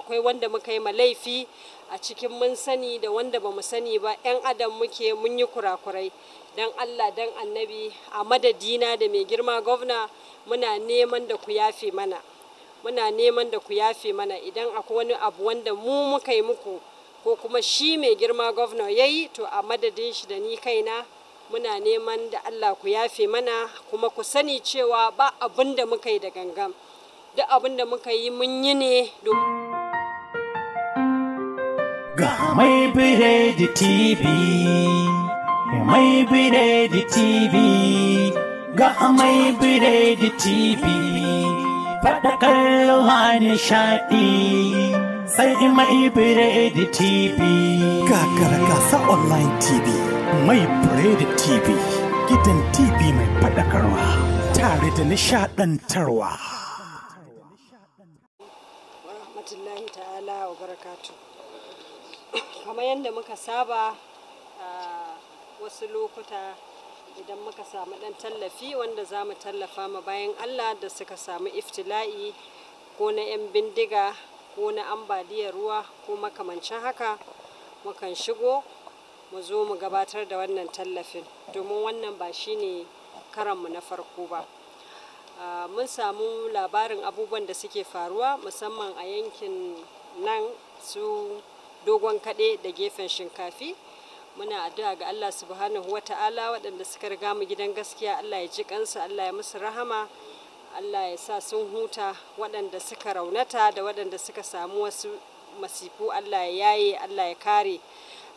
akwai wanda muka yi ma laifi a cikin mun sani da wanda ba mu sani ba 'yan adam muke mun yi kurakurai don allah don annabi a madadina da mai girma gwamna muna neman da ku yafe mana muna neman da ku yafe mana idan akwai wani abu wanda mu muka yi muku ko kuma shi mai girma gwamna ya yi to a madadin shi da ni kaina muna neman da allah ku yafe mana kuma ku sani cewa ba abin da muka yi da gangan duk abin da muka yi mun yi ne domin Ga mai biredi TV, mai biredi TV, ga mai biredi TV. Faɗa kallo nishaɗi, sai mai biredi TV. Gagara gasa online TV, mai biredi TV, gidan TV mai faɗakarwa, tare da nishaɗantarwa. kamar yadda muka saba a wasu lokuta idan muka samu dan tallafi wanda za mu tallafa ma bayan allah da suka samu iftila'i ko na 'yan bindiga ko na ambaliyar ruwa ko makamancin haka mukan shigo mu zo mu gabatar da wannan tallafin domin wannan ba shi shine karanmu na farko ba mun samu labarin abubuwan da suke faruwa musamman a yankin nan su dogon kaɗe da gefen shinkafi muna addu'a ga Allah subhanahu wata'ala waɗanda suka riga mu gidan gaskiya Allah ya ji kansu Allah ya musu rahama Allah ya sa sun huta waɗanda suka raunata da waɗanda suka samu wasu masifu Allah ya yaye Allah ya kare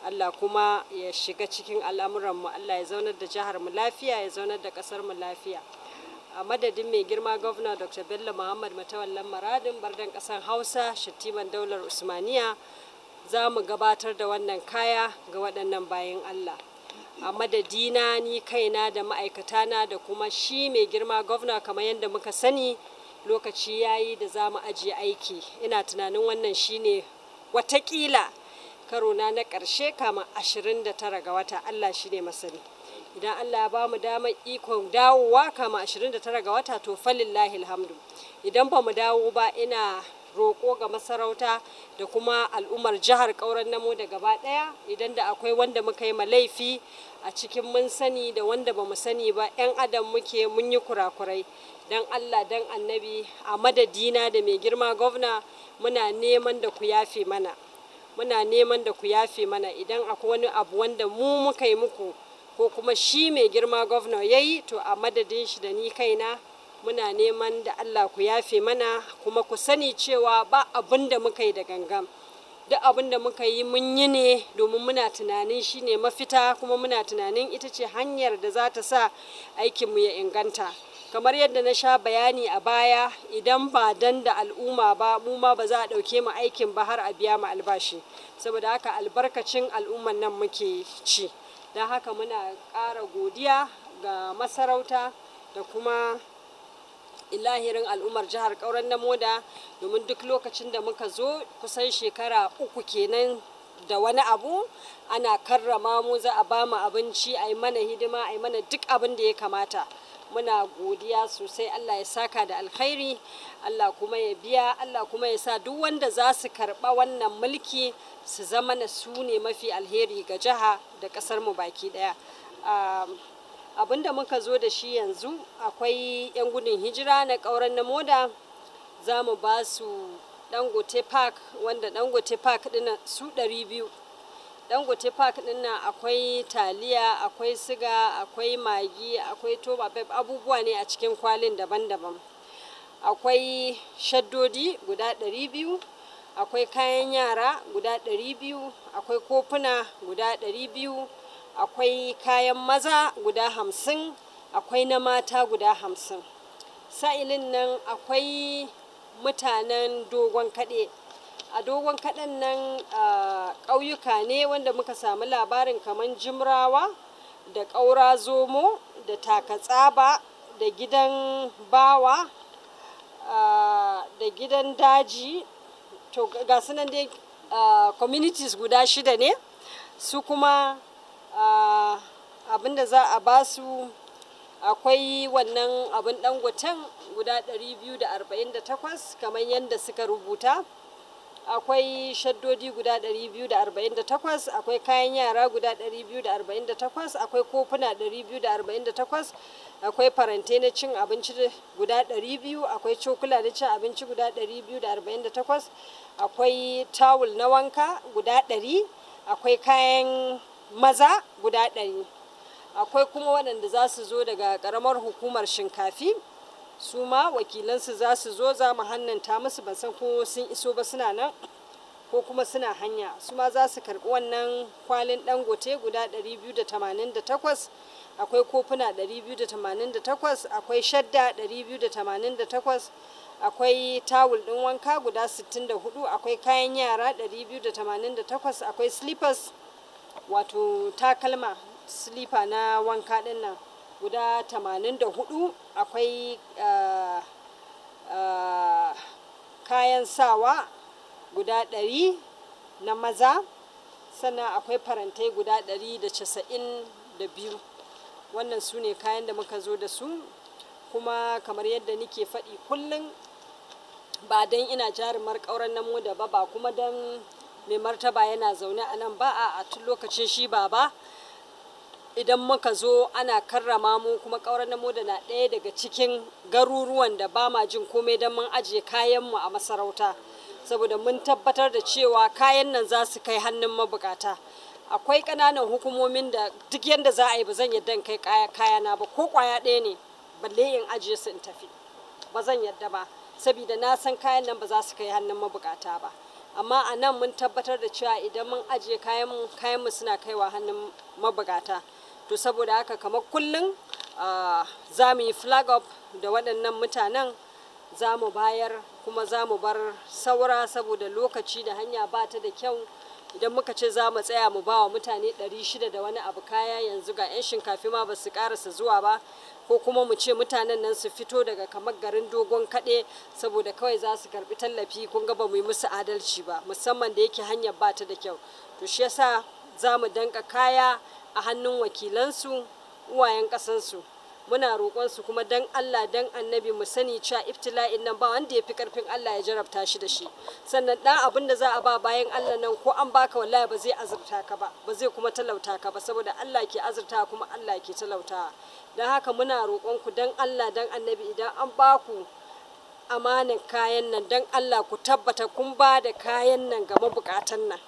Allah kuma ya shiga cikin al'amuranmu Allah ya zaunar da jihar mu lafiya ya zaunar da ƙasar mu lafiya a madadin mai girma gwamna dr bello muhammad matawallan maradin bardan ƙasar hausa shattiman daular usmaniya za mu gabatar da wannan kaya ga waɗannan bayan Allah. a madadina ni kaina da ma'aikatana da kuma shi mai girma gwamna kamar yadda muka sani lokaci ya yi da za mu ajiye aiki ina tunanin wannan shi ne watakila karona na ƙarshe kama 29 ga wata allah shi ne masani idan allah ba mu damar ikon dawowa kama 29 ga wata to falin lahil idan ba mu dawo ba ina roƙo ga masarauta da kuma al'ummar jihar ƙauren namo da gaba ɗaya idan da akwai wanda muka yi laifi a cikin mun sani da wanda ba mu sani ba 'yan adam muke mun yi kurakurai don allah don annabi a madadina da mai girma gwamna muna neman da ku yafe mana muna neman da ku yafe mana idan akwai wani abu wanda mu muka yi muku ko kuma shi mai girma gwamna ya yi to a madadin shi da ni kaina muna neman da Allah ku yafe mana kuma ku sani cewa ba abin da muka yi da gangan duk abin da muka yi mun yi ne domin muna tunanin shi ne mafita kuma muna tunanin ita ce hanyar da za ta sa aikinmu ya inganta kamar yadda na sha bayani a baya idan ba dan da al'umma ba mu ma ba za a ɗauke mu aikin ba har a biya mu albashi saboda haka albarkacin al'umman nan muke ci don haka muna ƙara godiya ga masarauta da kuma lahirin al'ummar jihar kauran na moda domin duk lokacin da muka zo kusan shekara uku kenan da wani abu ana karrama mu za a ba mu abinci a yi mana hidima a yi mana duk abin da ya kamata muna godiya sosai allah ya saka da alkhairi allah kuma ya biya allah kuma ya sa duk wanda za su karɓa wannan mulki su zama na su ne mafi alheri ga jiha da ƙasar mu baki ɗaya abinda muka zo da shi yanzu akwai 'yan gudun hijira na ƙauren na moda za mu ba su dangote park wanda dangote park din su 200 dangote park dina akwai taliya akwai siga akwai magi akwai toba pep abubuwa ne a cikin kwalin daban-daban akwai shaddodi guda 200 akwai kayan yara guda 200 akwai kofuna guda 200 akwai kayan maza guda hamsin akwai na mata guda hamsin sa'ilin nan akwai mutanen dogon kaɗe a dogon kaɗan nan ƙauyuka ne wanda muka samu labarin kamar jimrawa da ƙaura zomo da takatsaba da gidan bawa da gidan daji to ga sunan dai communities guda shida ne su kuma Ah, abin da za a ba su akwai wannan abin dangoten guda 248 kamar yadda suka rubuta akwai shaddodi guda 248 akwai kayan yara guda 248 akwai kofuna 248 akwai farantai na cin abinci guda 200 akwai cokula na cin abinci guda 248 akwai tawul na wanka guda 100 akwai kayan maza guda ɗari akwai kuma waɗanda za su zo daga ƙaramar hukumar shinkafi su ma wakilansu za su zo za mu hannanta musu ban san ko sun iso ba suna nan ko kuma suna hanya su ma za su karɓi wannan kwalin dangote guda 288 akwai kofuna 288 akwai shadda 288 akwai tawul ɗin wanka guda 64 akwai kayan yara 288 akwai slippers wato takalma silifa na wanka din nan guda 84 akwai eh, eh, kayan sawa guda 100 na maza sannan akwai farantai guda 192 wannan su ne kayan da muka zo da su kuma kamar yadda nike faɗi kullum ba don ina jarumar ƙauren namu da ba ba kuma don mai martaba yana zaune a nan ba a tun lokacin shi ba ba idan muka zo ana karrama mu kuma kauran namo da na ɗaya daga cikin garuruwan da ba ma jin komai don mun ajiye kayanmu a masarauta saboda mun tabbatar da cewa kayan nan za su kai hannun mabukata akwai ƙananan hukumomin da duk yadda za a yi ba zan yadda kai kayana ba ko kwaya ɗaya ne balle in ajiye su in tafi ba zan yadda ba saboda na san kayan nan ba za su kai hannun mabukata ba amma a nan mun tabbatar da cewa idan mun ajiye kayan kayanmu suna kaiwa hannun mabugata to saboda haka kamar kullum za mu yi flag up da waɗannan mutanen za mu bayar kuma za mu bar saura saboda lokaci da hanya ba ta da kyau idan muka ce za mu tsaya mu ba wa mutane 600 da wani abu kaya yanzu ga 'yan shinkafi ma ba su karasa zuwa ba ko kuma mu ce mutanen nan su fito daga kamar garin dogon kaɗe saboda kawai za su karbi tallafi kun ga ba mu yi musu adalci ba musamman da yake hanyar ba ta da kyau to shi yasa za mu danka kaya a hannun wakilansu uwayen ƙasansu muna roƙon su kuma dan Allah dan annabi mu sani cewa iftila'in nan ba wanda ya fi karfin Allah ya jarabta shi da shi sannan dan abin da za a ba bayan Allah nan ko an baka wallahi ba zai azurta ka ba ba zai kuma talauta ka ba saboda Allah ke azurta kuma Allah ke talauta dan haka muna roƙon ku dan Allah dan annabi idan an baku amanin kayan nan dan Allah ku tabbata kun ba da kayan nan ga mabukatan nan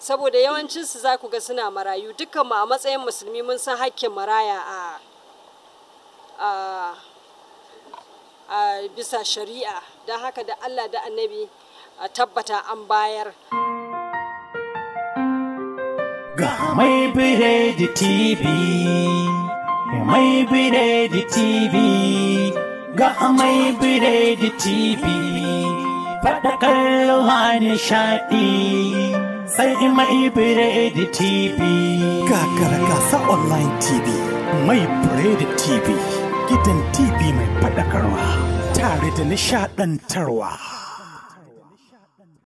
saboda yawancinsu za ku ga suna marayu dukkan mu a matsayin musulmi mun san hakkin maraya a a bisa shari'a don haka da allah da annabi a tabbata an bayar ga mai biredi tv mai biredi tv ga mai biredi tv faɗa kallon nishaɗi sai in mai biredi TV. Kakara gasa online TV, mai biredi TV. gidan TV mai faɗakarwa tare da nishaɗantarwa.